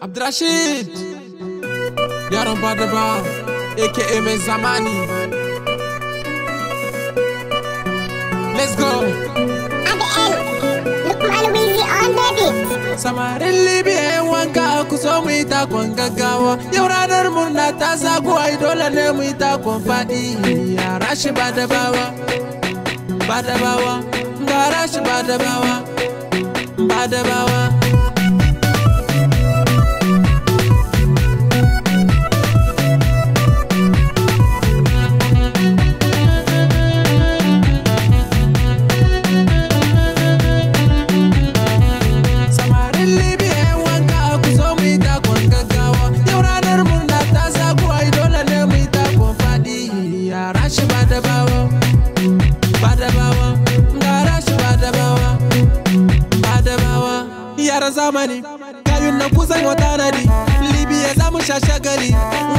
Abdrashid Yaron Badaba aka mai zamani Let's go Samarin Libya wanka ku so mu yi takon gaggawa yau ranar murna ta zaguwa dole ne mu yi takon faɗi yara shi ba da bawa ba da bawa gara shi ba da bawa ba da bawa gara ba da bawa ba da bawa gara ba da bawa ba da bawa zamani kayun kusan wata nadi libya za mu shashe gari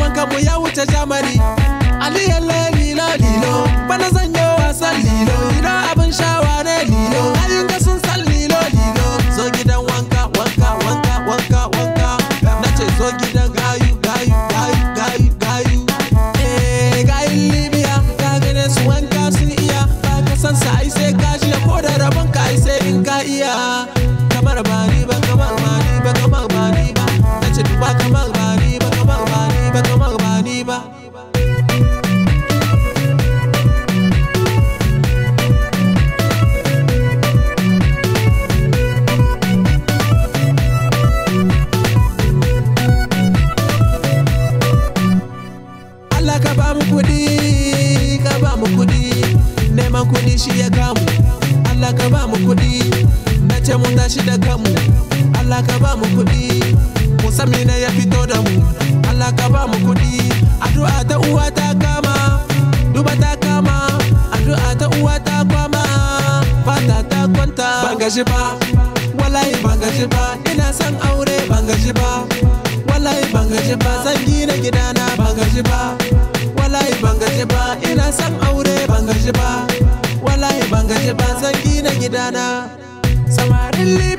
wanka mu ya wuce jamani aliyar lalilo bana zan Allah ka ba mu kudi ka ba mu kudi neman kudi shi ya kamu Allah ka ba mu kudi na ce mun tashi da kanmu Allah ka ba mu kudi musami na ya fito da mu Allah ka ba mu kudi addu'a ta uwa ta kama duba ta kama addu'a ta uwa ta kwama fata ta kwanta ban gaji ba wallahi ban gaji ba ina san aure ban gaji ba ba wallahi ban gaji ba zan gina gidana samarin libya